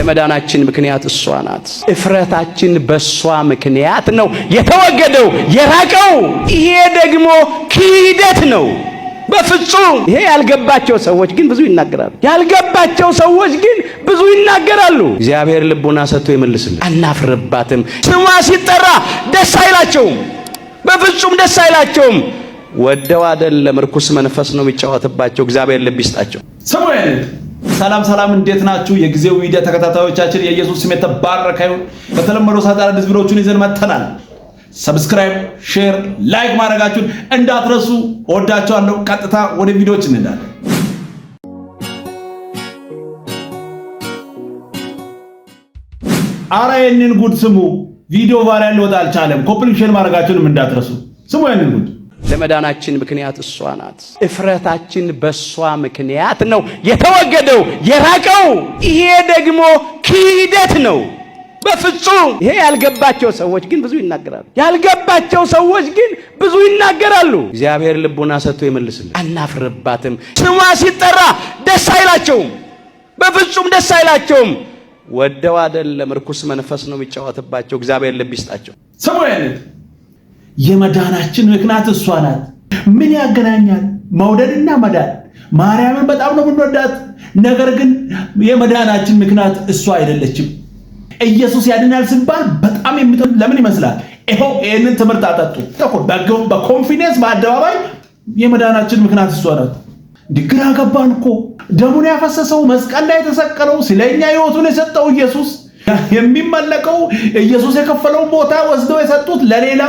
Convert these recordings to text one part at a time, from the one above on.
የመዳናችን ምክንያት እሷ ናት። እፍረታችን በእሷ ምክንያት ነው የተወገደው የራቀው። ይሄ ደግሞ ክህደት ነው በፍጹም ይሄ ያልገባቸው ሰዎች ግን ብዙ ይናገራሉ። ያልገባቸው ሰዎች ግን ብዙ ይናገራሉ። እግዚአብሔር ልቡና ሰጥቶ ይመልስልን። አናፍርባትም። ስሟ ሲጠራ ደስ አይላቸውም። በፍጹም ደስ አይላቸውም። ወደው አይደለም፣ ርኩስ መንፈስ ነው የሚጫወትባቸው። እግዚአብሔር ልብ ይስጣቸው። ሰላም ሰላም፣ እንዴት ናችሁ? የጊዜው ሚዲያ ተከታታዮቻችን የኢየሱስ ስም የተባረከ ይሁን። በተለመደው ሰዓት አዳዲስ ቪዲዮዎችን ይዘን መጥተናል። ሰብስክራይብ፣ ሼር፣ ላይክ ማድረጋችሁን እንዳትረሱ። እወዳችኋለሁ። ቀጥታ ወደ ቪዲዮዎች እንሄዳለን። አረ ይህንን ጉድ ስሙ። ቪዲዮ ቫይራል ሊወጣ አልቻለም። ኮፕሊሽን ማድረጋችሁንም እንዳትረሱ። ስሙ ይህንን ጉድ ለመዳናችን ምክንያት እሷ ናት። እፍረታችን በእሷ ምክንያት ነው የተወገደው የራቀው። ይሄ ደግሞ ክህደት ነው በፍጹም። ይሄ ያልገባቸው ሰዎች ግን ብዙ ይናገራሉ። ያልገባቸው ሰዎች ግን ብዙ ይናገራሉ። እግዚአብሔር ልቡና ሰጥቶ ይመልስልን። አናፍርባትም። ስሟ ሲጠራ ደስ አይላቸውም። በፍጹም ደስ አይላቸውም። ወደው አይደለም፣ ርኩስ መንፈስ ነው የሚጫወትባቸው። እግዚአብሔር ልብ ይስጣቸው። የመዳናችን ምክንያት እሷ ናት። ምን ያገናኛል መውደድና መዳን? ማርያምን በጣም ነው የምንወዳት፣ ነገር ግን የመዳናችን ምክንያት እሷ አይደለችም። ኢየሱስ ያድናል ሲባል በጣም የምት ለምን ይመስላል? ይኸው ይህንን ትምህርት አጠጡ በኮንፊደንስ በአደባባይ የመዳናችን ምክንያት እሷ ናት። ግራ ገባን እኮ ደሙን ያፈሰሰው መስቀል ላይ የተሰቀለው ስለኛ ህይወቱን የሰጠው ኢየሱስ የሚመለቀው ኢየሱስ የከፈለውን ቦታ ወስደው የሰጡት ለሌላ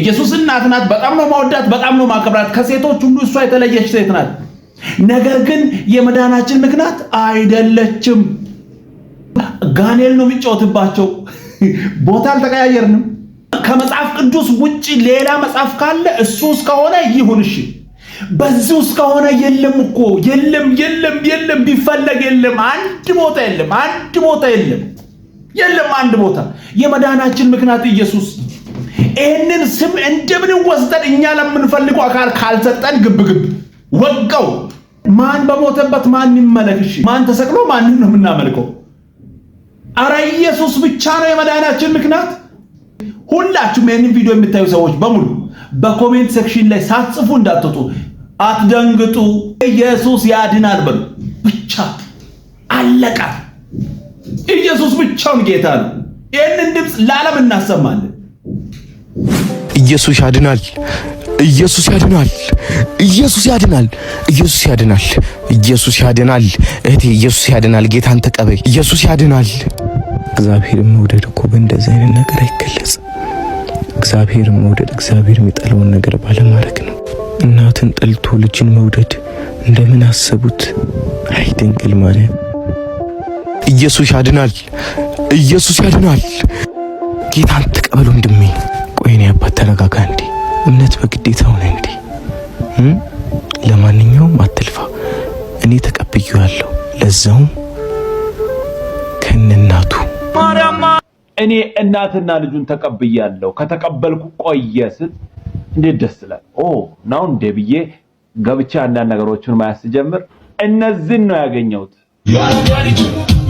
ኢየሱስ እናት ናት። በጣም ነው ማወዳት፣ በጣም ነው ማከብራት። ከሴቶች ሁሉ እሷ የተለየች ሴት ናት። ነገር ግን የመዳናችን ምክንያት አይደለችም። ጋኔል ነው የሚጫወትባቸው። ቦታ አልተቀያየርንም። ከመጽሐፍ ቅዱስ ውጭ ሌላ መጽሐፍ ካለ እሱ እስከሆነ ይሁን እሺ። በዚህ እስከሆነ የለም እኮ የለም፣ የለም፣ የለም። ቢፈለግ የለም፣ አንድ ቦታ የለም፣ አንድ ቦታ የለም፣ የለም፣ አንድ ቦታ የመዳናችን ምክንያት ኢየሱስ ይህንን ስም እንደምን ወስደን እኛ ለምንፈልገው አካል ካልሰጠን ግብግብ ወቀው ማን በሞተበት ማን ይመለክ? እሺ ማን ተሰቅሎ ማን ነው የምናመልከው? አረ ኢየሱስ ብቻ ነው የመዳናችን ምክንያት። ሁላችሁም ይህንን ቪዲዮ የምታዩ ሰዎች በሙሉ በኮሜንት ሴክሽን ላይ ሳትጽፉ እንዳትወጡ። አትደንግጡ፣ ኢየሱስ ያድናል በሉ ብቻ። አለቃ ኢየሱስ ብቻውን ጌታ ነው። ይህንን ድምፅ ለዓለም እናሰማለን። ኢየሱስ ያድናል። ኢየሱስ ያድናል። ኢየሱስ ያድናል። ኢየሱስ ያድናል። ኢየሱስ ያድናል። እህቴ ኢየሱስ ያድናል። ጌታን ተቀበይ። ኢየሱስ ያድናል። እግዚአብሔርን መውደድ እኮ በእንደዚህ አይነት ነገር አይገለጽም። እግዚአብሔርን መውደድ እግዚአብሔር የሚጠላውን ነገር ባለማድረግ ነው። እናትን ጠልቶ ልጅን መውደድ እንደምን አሰቡት? አይ ድንግል ማርያም ኢየሱስ ያድናል። ኢየሱስ ያድናል። ጌታን ተቀበል ወንድሜ። ቆይኔ አባት ተረጋጋ እንዴ! እምነት በግዴታ ሆነ እንዴ! ለማንኛውም አትልፋ፣ እኔ ተቀብያለሁ። ለዛውም ከነናቱ ማርያማ። እኔ እናትና ልጁን ተቀብያለሁ። ከተቀበልኩ ቆየ ስት እንዴት ደስ ይላል። ኦ ናው እንዴ ብዬ ገብቻ አንዳንድ ነገሮችን ማያስጀምር እነዚህን ነው ያገኘሁት።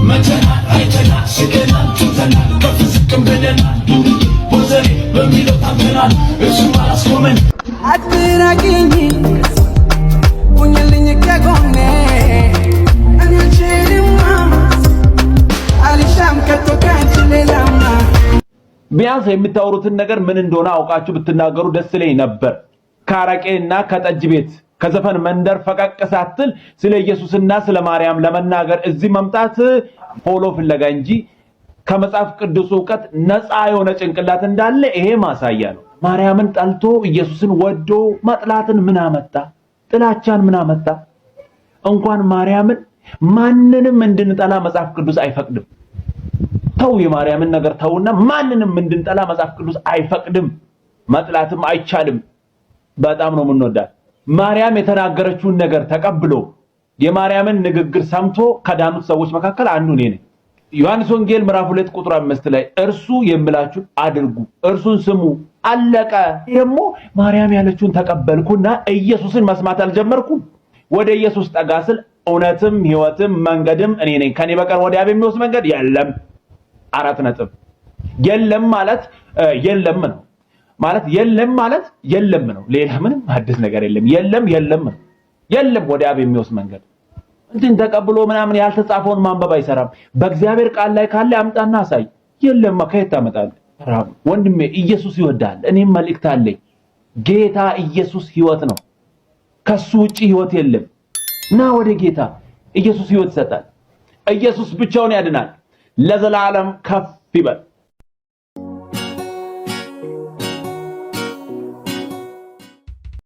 መተናል አይተናል ስቀናል ጩተናል ከፍ ዝቅም ብለናል ቦዘኔ በሚለው ታምናል እሱ አላስቆመን አትራቂኝ ሁኝልኝ ከጎኔ ቢያንስ የምታወሩትን ነገር ምን እንደሆነ አውቃችሁ ብትናገሩ ደስ ይለኝ ነበር እና ከጠጅ ቤት ከዘፈን መንደር ፈቀቅ ሳትል ስለ ኢየሱስና ስለ ማርያም ለመናገር እዚህ መምጣት ፎሎ ፍለጋ እንጂ ከመጽሐፍ ቅዱስ እውቀት ነፃ የሆነ ጭንቅላት እንዳለ ይሄ ማሳያ ነው። ማርያምን ጠልቶ ኢየሱስን ወዶ መጥላትን ምን አመጣ? ጥላቻን ምን አመጣ? እንኳን ማርያምን ማንንም እንድንጠላ መጽሐፍ ቅዱስ አይፈቅድም። ተው የማርያምን ነገር ተውና ማንንም እንድንጠላ መጽሐፍ ቅዱስ አይፈቅድም። መጥላትም አይቻልም። በጣም ነው የምንወዳት። ማርያም የተናገረችውን ነገር ተቀብሎ የማርያምን ንግግር ሰምቶ ከዳኑት ሰዎች መካከል አንዱ እኔ ነኝ። ዮሐንስ ወንጌል ምዕራፍ ሁለት ቁጥር አምስት ላይ እርሱ የምላችሁን አድርጉ፣ እርሱን ስሙ። አለቀ። ደግሞ ማርያም ያለችውን ተቀበልኩና ኢየሱስን መስማት አልጀመርኩም። ወደ ኢየሱስ ጠጋ ስል እውነትም ሕይወትም መንገድም እኔ ነኝ፣ ከኔ በቀር ወደ አብ የሚወስድ መንገድ የለም። አራት ነጥብ። የለም ማለት የለም ነው። ማለት የለም ማለት የለም ነው። ሌላ ምንም አዲስ ነገር የለም። የለም የለም የለም ወደ አብ የሚወስድ መንገድ እንትን ተቀብሎ ምናምን ያልተጻፈውን ማንበብ አይሰራም። በእግዚአብሔር ቃል ላይ ካለ አምጣና አሳይ። የለማ ከየት ታመጣለህ? ወንድሜ ኢየሱስ ይወዳል። እኔም መልእክት አለኝ። ጌታ ኢየሱስ ህይወት ነው። ከሱ ውጪ ህይወት የለም። ና ወደ ጌታ ኢየሱስ ህይወት ይሰጣል። ኢየሱስ ብቻውን ያድናል። ለዘላለም ከፍ ይበል።